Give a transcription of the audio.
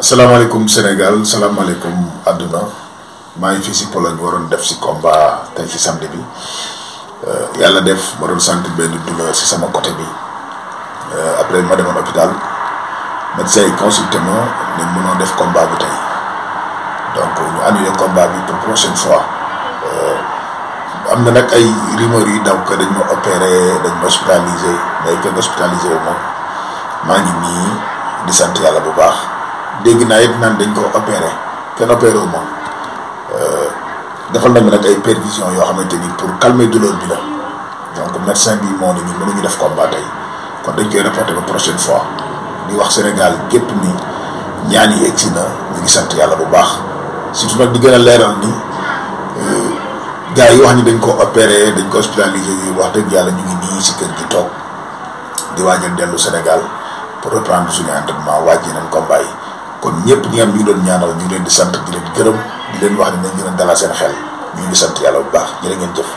asalaamaaleykum Sénégal salaamaaleykum àdduna maa ngi fii si Pologne waroon def si combat tey fi samedi bi euh, yàlla def ma doon sentir benn douleur si sama côté bi euh, après ma demoon hôpital médecin yi consulté ma ne def combat bi tey donc ñu annulé combat bi pour prochaine fois euh, am na nag ay rumeur yi daw dañ ma opéré dañ ma hospitalisé mais fekk hospitalisé maa ngi nii di sant yàlla bu baax. dégg naa it naan dañ ko opéré kenn opéré wu moom nag euh, nañu nag ay perfusion yoo xamante ni pour calmer douleur bi la donc médecin bi moo ne ñu mënuñu def combat tey kon dañ koy reporté ba prochaine fois di wax Sénégal gépp ni ñaan yi egsi na ñu ngi sant yàlla bu baax surtout nag di gën a leeral ni euh, gars yi wax ni dañ ko opéré dañ ko hospitalisé yi wax dëgg yàlla ñu ngi nii si kër gi toog di waajal dellu Sénégal pour reprendre suñu entraînement wàññi nañ combat yi. ñëpp ñi nga xam ñu ngi doon ñu leen di sant di leen gërëm di leen wax ne nañ gën a dalal seen xel ñu ngi sant yàlla bu baax jërë ngeen jëf